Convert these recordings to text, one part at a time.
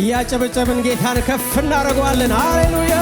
እያጨበጨብን ጌታን ከፍ እናደርገዋለን። ሃሌሉያ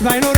mas vai no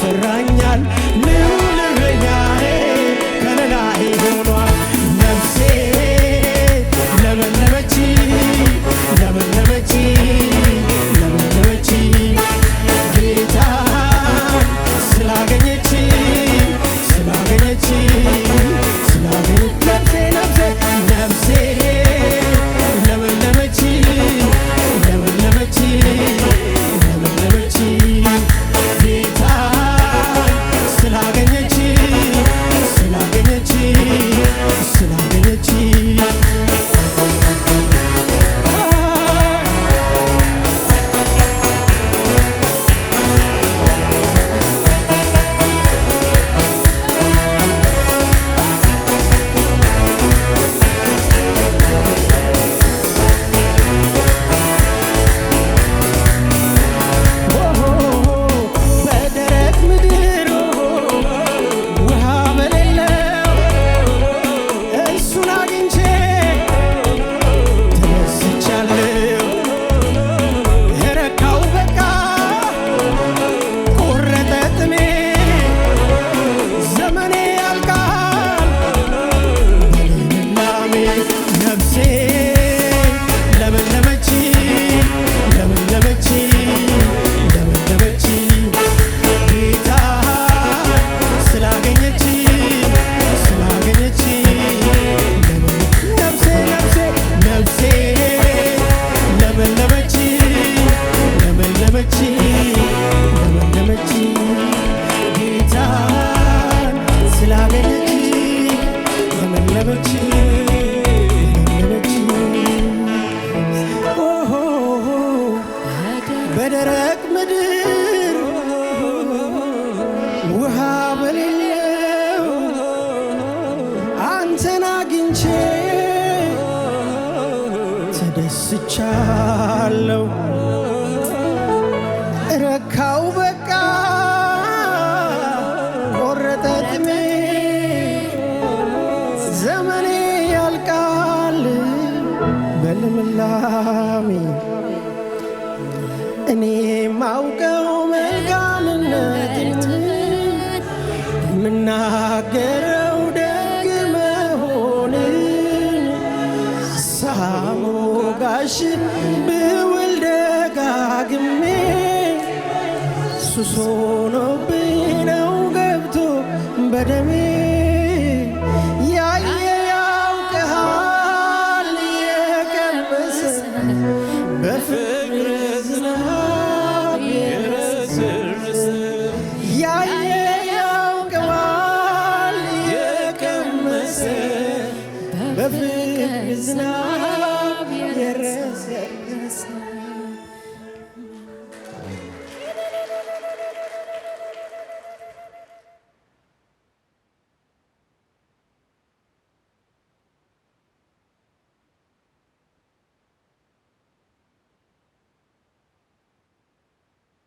cerrar. ተናገረው ደግ መሆንን ሳሞጋሽ ብውል ደጋግሜ ሱስ ሆኖብኝ ነው ገብቶ በደሜ Christmas.